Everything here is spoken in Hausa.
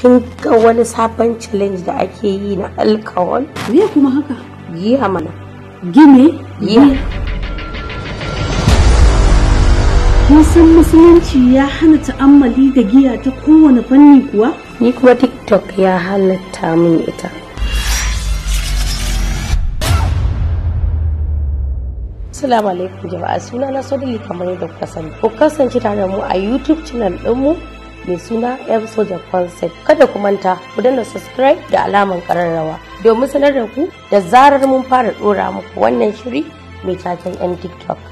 kin ga wani sabon challenge da ake yi na alcohol me kuma haka a mana Gine. giya musulunci ya hana ta'ammali da giya ta kowane fanni kuwa ni kuma tiktok ya halatta min ita Assalamu alaikum jama'a suna na Sodili kamar yadda kuka sani. Ku kasance tare da mu a YouTube channel ɗinmu mai suna yan soja concept kada ku manta ku danna subscribe da alamar kararrawa domin sanar da ku da zarar mun fara dora muku wannan shiri mai taken yan tiktok